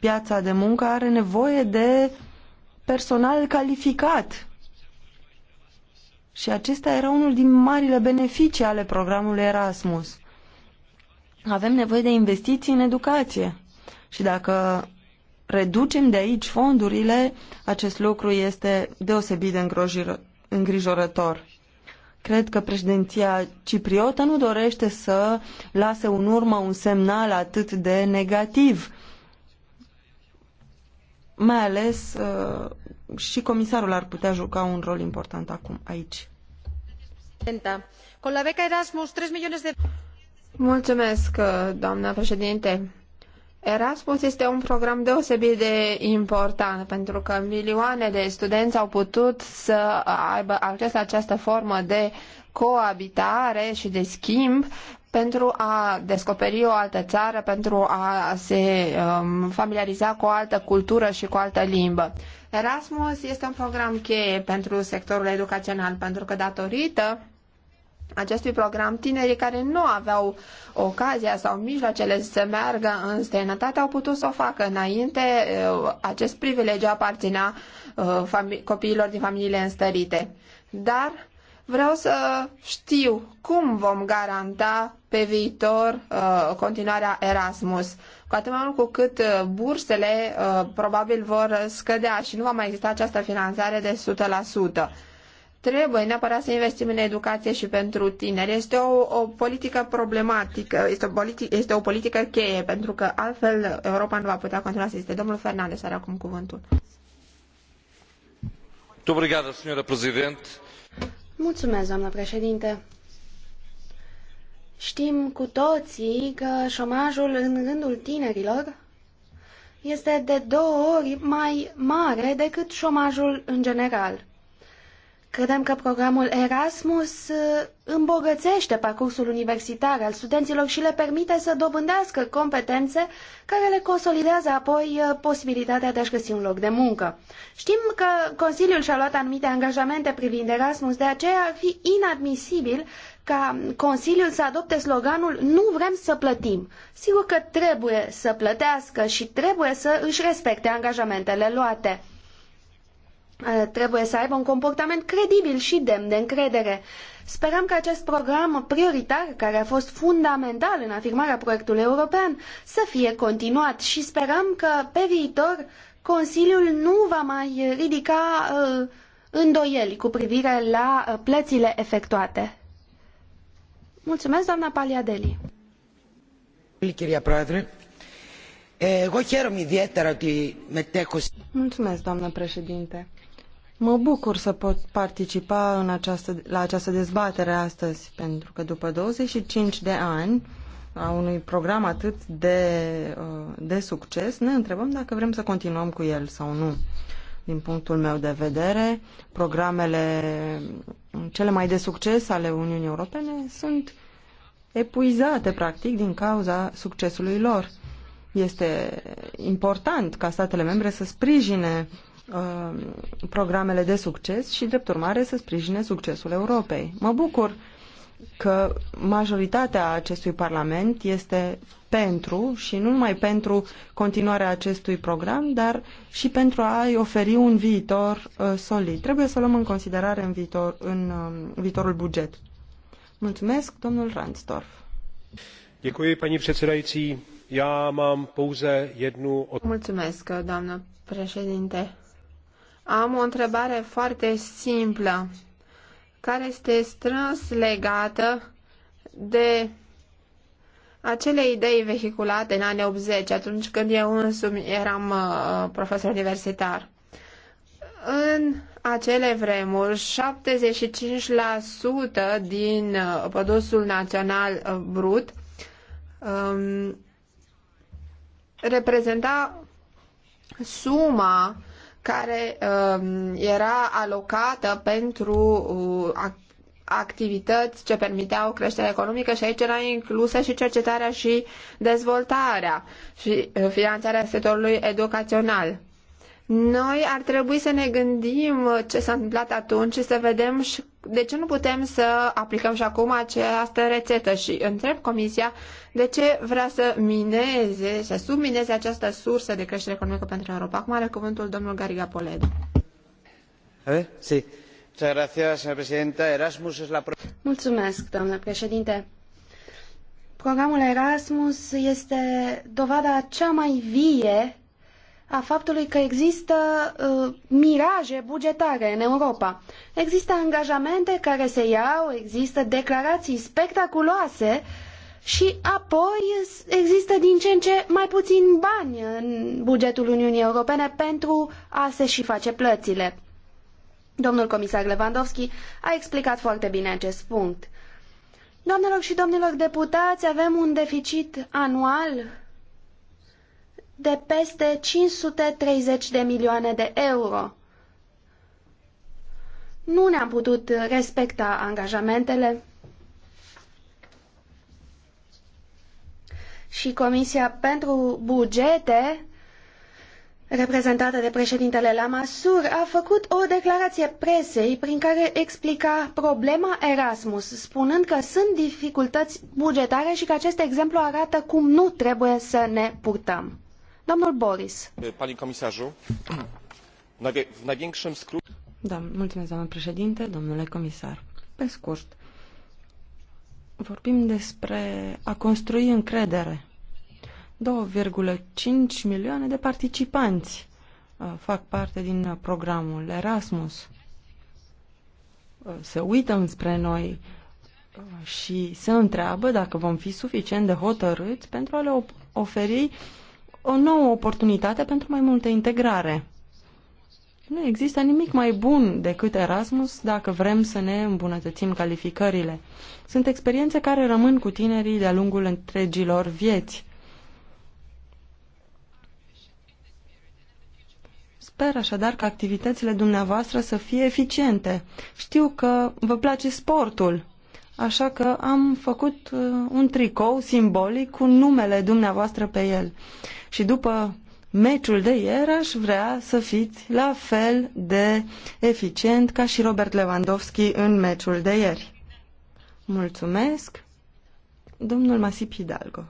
piața de muncă are nevoie de personal calificat. Și acesta era unul din marile beneficii ale programului Erasmus. Avem nevoie de investiții în educație. Și dacă reducem de aici fondurile, acest lucru este deosebit de îngrijorător. Cred că președinția cipriotă nu dorește să lase în urmă un semnal atât de negativ. Mai ales uh, și comisarul ar putea juca un rol important acum aici. Mulțumesc, uh, doamna președinte. Erasmus este un program deosebit de important pentru că milioane de studenți au putut să aibă acces la această formă de coabitare și de schimb pentru a descoperi o altă țară, pentru a se um, familiariza cu o altă cultură și cu o altă limbă. Erasmus este un program cheie pentru sectorul educațional pentru că datorită acestui program, tinerii care nu aveau ocazia sau mijloacele să meargă în străinătate au putut să o facă. Înainte, uh, acest privilegiu aparținea uh, copiilor din familiile înstărite. Dar vreau să știu cum vom garanta pe viitor uh, continuarea Erasmus, cu atât mai mult cu cât bursele probabil vor scădea și nu va mai exista această finanțare de 100%. Trebuie neapărat să investim în educație și pentru tineri. Este o, o politică problematică, este o, politi- este o politică cheie, pentru că altfel Europa nu va putea continua să existe. Domnul Fernandez are acum cuvântul. Mulțumesc, doamnă președinte. Știm cu toții că șomajul în rândul tinerilor este de două ori mai mare decât șomajul în general. Credem că programul Erasmus uh, îmbogățește parcursul universitar al studenților și le permite să dobândească competențe care le consolidează apoi uh, posibilitatea de a-și găsi un loc de muncă. Știm că Consiliul și-a luat anumite angajamente privind Erasmus, de aceea ar fi inadmisibil ca Consiliul să adopte sloganul Nu vrem să plătim. Sigur că trebuie să plătească și trebuie să își respecte angajamentele luate. Eh, trebuie să aibă un comportament credibil și demn de încredere. Sperăm că acest program prioritar, care a fost fundamental în afirmarea proiectului european, să fie continuat și sperăm că pe viitor Consiliul nu va mai ridica uh, îndoieli cu privire la uh, plățile efectuate. Mulțumesc, doamna Paliadeli. Mulțumesc, doamnă președinte. Mă bucur să pot participa în această, la această dezbatere astăzi, pentru că după 25 de ani a unui program atât de, uh, de succes, ne întrebăm dacă vrem să continuăm cu el sau nu. Din punctul meu de vedere, programele cele mai de succes ale Uniunii Europene sunt epuizate, practic, din cauza succesului lor. Este important ca statele membre să sprijine uh, Uh, programele de succes și, drept urmare, să sprijine succesul Europei. Mă bucur că majoritatea acestui Parlament este pentru și nu numai pentru continuarea acestui program, dar și pentru a-i oferi un viitor uh, solid. Trebuie să luăm în considerare în, viitor, în uh, viitorul buget. Mulțumesc, domnul Randstorf. Děkuji, paní předsedající. Já mám pouze jednu... Mulțumesc, doamnă președinte. Am o întrebare foarte simplă, care este strâns legată de acele idei vehiculate în anii 80, atunci când eu însumi eram uh, profesor universitar. În acele vremuri, 75% din uh, produsul național uh, brut um, reprezenta suma care um, era alocată pentru uh, activități ce permiteau creșterea economică și aici era inclusă și cercetarea și dezvoltarea și uh, finanțarea sectorului educațional. Noi ar trebui să ne gândim ce s-a întâmplat atunci și să vedem și de ce nu putem să aplicăm și acum această rețetă și întreb Comisia de ce vrea să mineze, să submineze această sursă de creștere economică pentru Europa. Acum are cuvântul domnul Gariga Poled. Mulțumesc, domnule președinte. Programul Erasmus este dovada cea mai vie a faptului că există uh, miraje bugetare în Europa. Există angajamente care se iau, există declarații spectaculoase și apoi există din ce în ce mai puțin bani în bugetul Uniunii Europene pentru a se și face plățile. Domnul comisar Lewandowski a explicat foarte bine acest punct. Doamnelor și domnilor deputați, avem un deficit anual de peste 530 de milioane de euro. Nu ne-am putut respecta angajamentele și Comisia pentru Bugete, reprezentată de președintele Lamassur, a făcut o declarație presei prin care explica problema Erasmus, spunând că sunt dificultăți bugetare și că acest exemplu arată cum nu trebuie să ne purtăm. Domnul Boris. Pani comisarzu, w największym skrócie... Da, mulțumesc, doamnă președinte, domnule comisar. Pe scurt, vorbim despre a construi încredere. 2,5 milioane de participanți uh, fac parte din uh, programul Erasmus. Uh, se uită înspre noi și se întreabă dacă vom fi suficient de hotărâți pentru a le oferi o nouă oportunitate pentru mai multă integrare. Nu există nimic mai bun decât Erasmus dacă vrem să ne îmbunătățim calificările. Sunt experiențe care rămân cu tinerii de-a lungul întregilor vieți. Sper așadar că activitățile dumneavoastră să fie eficiente. Știu că vă place sportul. Așa că am făcut uh, un tricou simbolic cu numele dumneavoastră pe el. Și după meciul de ieri aș vrea să fiți la fel de eficient ca și Robert Lewandowski în meciul de ieri. Mulțumesc. Domnul Masip Hidalgo.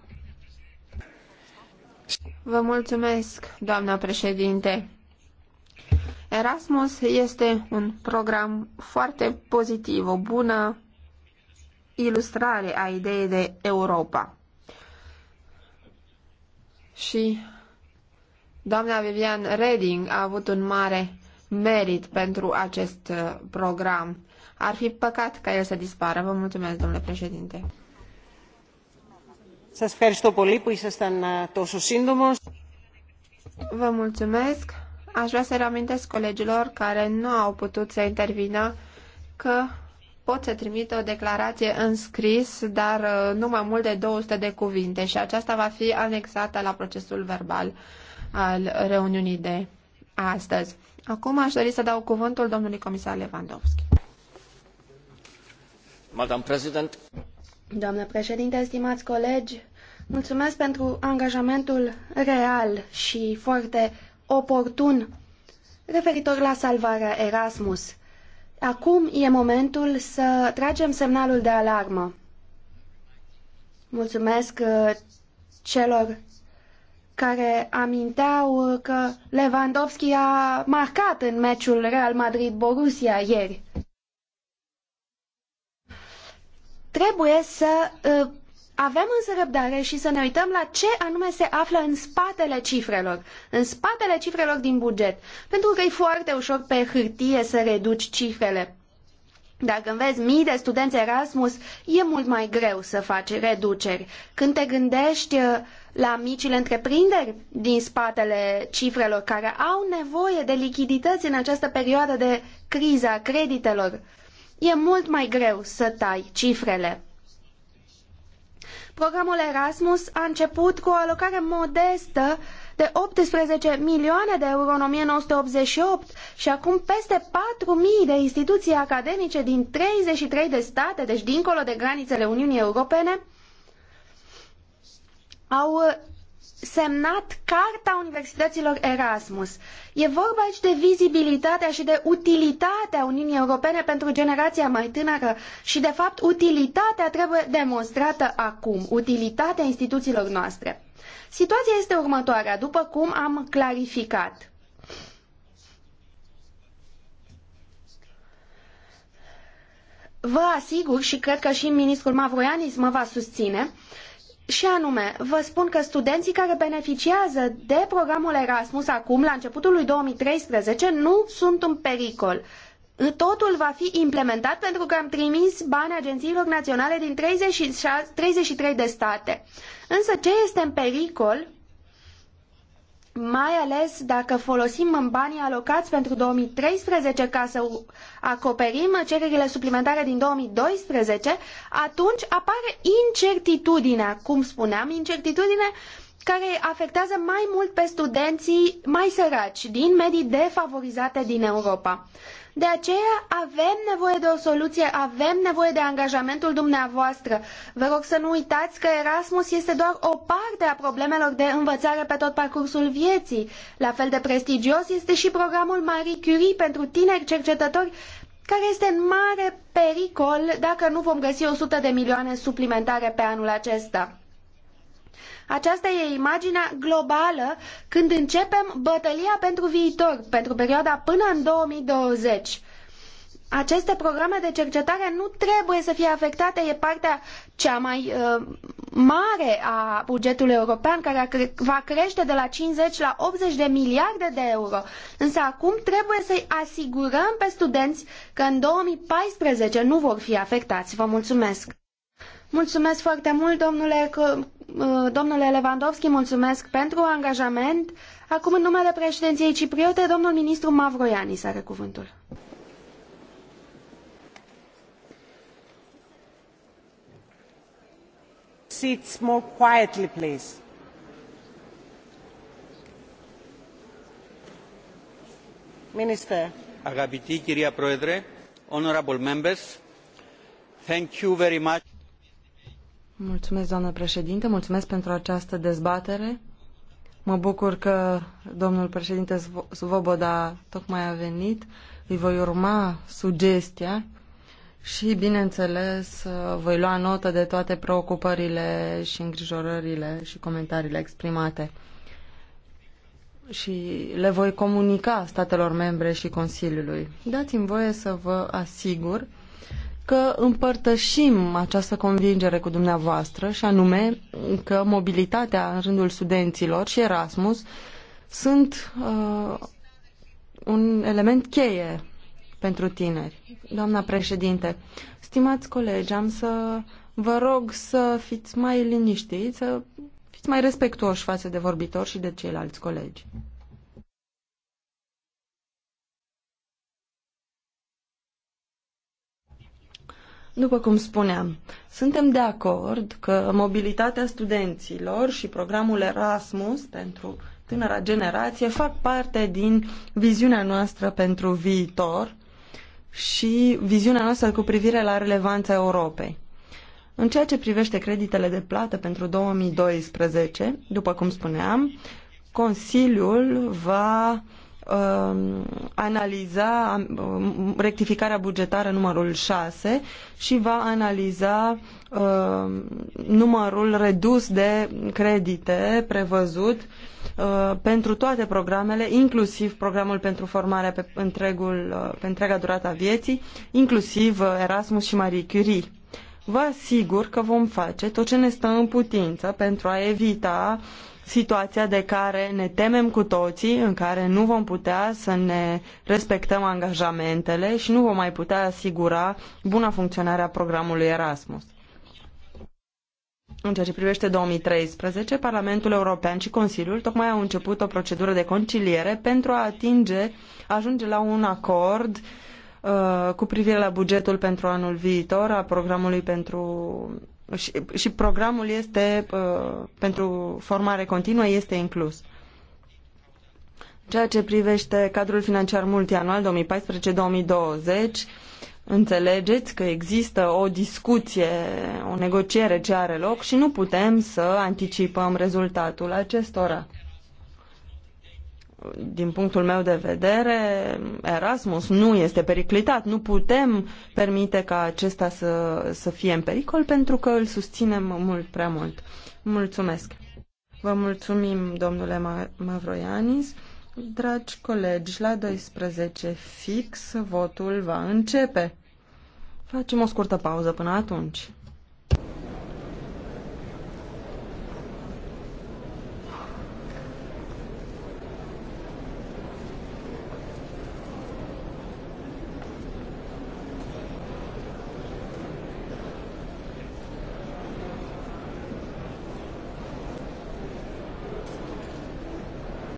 Vă mulțumesc, doamna președinte. Erasmus este un program foarte pozitiv, o bună ilustrare a ideii de Europa. Și doamna Vivian Reding a avut un mare merit pentru acest uh, program. Ar fi păcat ca el să dispară. Vă mulțumesc, domnule președinte. Σας uh, Vă mulțumesc. Aș vrea să reamintesc colegilor care nu au putut să intervină că pot să trimită o declarație în scris, dar uh, nu mai mult de 200 de cuvinte și aceasta va fi anexată la procesul verbal al reuniunii de astăzi. Acum aș dori să dau cuvântul domnului comisar Lewandowski. Madam President. Doamnă președinte, stimați colegi, mulțumesc pentru angajamentul real și foarte oportun referitor la salvarea Erasmus. Acum e momentul să tragem semnalul de alarmă. Mulțumesc uh, celor care aminteau că Lewandowski a marcat în meciul Real Madrid-Borussia ieri. Trebuie să uh, avem însă răbdare și să ne uităm la ce anume se află în spatele cifrelor, în spatele cifrelor din buget, pentru că e foarte ușor pe hârtie să reduci cifrele. Dacă înveți mii de studenți Erasmus, e mult mai greu să faci reduceri. Când te gândești uh, la micile întreprinderi din spatele cifrelor care au nevoie de lichidități în această perioadă de criză a creditelor, e mult mai greu să tai cifrele. Programul Erasmus a început cu o alocare modestă de 18 milioane de euro în 1988 și acum peste 4.000 de instituții academice din 33 de state, deci dincolo de granițele Uniunii Europene, au semnat Carta Universităților Erasmus. E vorba aici de vizibilitatea și de utilitatea Uniunii Europene pentru generația mai tânără și, de fapt, utilitatea trebuie demonstrată acum, utilitatea instituțiilor noastre. Situația este următoarea, după cum am clarificat. Vă asigur și cred că și ministrul Mavroianis mă va susține și anume, vă spun că studenții care beneficiază de programul Erasmus acum, la începutul lui 2013, nu sunt în pericol. Totul va fi implementat pentru că am trimis bani agențiilor naționale din 36, 33 de state. Însă ce este în pericol mai ales dacă folosim banii alocați pentru 2013 ca să acoperim cererile suplimentare din 2012, atunci apare incertitudinea, cum spuneam, incertitudine care afectează mai mult pe studenții mai săraci din medii defavorizate din Europa. De aceea avem nevoie de o soluție, avem nevoie de angajamentul dumneavoastră. Vă rog să nu uitați că Erasmus este doar o parte a problemelor de învățare pe tot parcursul vieții. La fel de prestigios este și programul Marie Curie pentru tineri cercetători care este în mare pericol dacă nu vom găsi 100 de milioane suplimentare pe anul acesta. Aceasta e imaginea globală când începem bătălia pentru viitor, pentru perioada până în 2020. Aceste programe de cercetare nu trebuie să fie afectate, e partea cea mai uh, mare a bugetului european, care va crește de la 50 la 80 de miliarde de euro. Însă acum trebuie să-i asigurăm pe studenți că în 2014 nu vor fi afectați. Vă mulțumesc! Mulțumesc foarte mult, domnule, uh, domnule Lewandowski, mulțumesc pentru angajament. Acum, în numele președinției cipriote, domnul ministru Mavroianis are cuvântul. Seats more quietly, please. Minister. Agapiti, Kiria Proedre, honorable members, thank you very much. Mulțumesc, doamnă președinte, mulțumesc pentru această dezbatere. Mă bucur că domnul președinte Svoboda tocmai a venit. Îi voi urma sugestia și, bineînțeles, voi lua notă de toate preocupările și îngrijorările și comentariile exprimate. Și le voi comunica statelor membre și Consiliului. Dați-mi voie să vă asigur că împărtășim această convingere cu dumneavoastră și anume că mobilitatea în rândul studenților și Erasmus sunt uh, un element cheie pentru tineri. Doamna președinte, stimați colegi, am să vă rog să fiți mai liniștiți, să fiți mai respectuoși față de vorbitori și de ceilalți colegi. După cum spuneam, suntem de acord că mobilitatea studenților și programul Erasmus pentru tânăra generație fac parte din viziunea noastră pentru viitor și viziunea noastră cu privire la relevanța Europei. În ceea ce privește creditele de plată pentru 2012, după cum spuneam, Consiliul va Um, analiza um, rectificarea bugetară numărul 6 și va analiza um, numărul redus de credite prevăzut uh, pentru toate programele, inclusiv programul pentru formare pe, întregul, uh, pe întreaga durata vieții, inclusiv uh, Erasmus și Marie Curie. Vă asigur că vom face tot ce ne stă în putință pentru a evita uh, situația de care ne temem cu toții, în care nu vom putea să ne respectăm angajamentele și nu vom mai putea asigura buna funcționare a programului Erasmus. În ceea ce privește 2013, Parlamentul European și Consiliul tocmai au început o procedură de conciliere pentru a atinge, a ajunge la un acord uh, cu privire la bugetul pentru anul viitor a programului pentru și, și programul este uh, pentru formare continuă este inclus. Ceea ce privește cadrul financiar multianual 2014-2020, înțelegeți că există o discuție, o negociere ce are loc și nu putem să anticipăm rezultatul acestora din punctul meu de vedere, Erasmus nu este periclitat. Nu putem permite ca acesta să, să fie în pericol pentru că îl susținem mult prea mult. Mulțumesc! Vă mulțumim, domnule Mavroianis. Dragi colegi, la 12 fix votul va începe. Facem o scurtă pauză până atunci.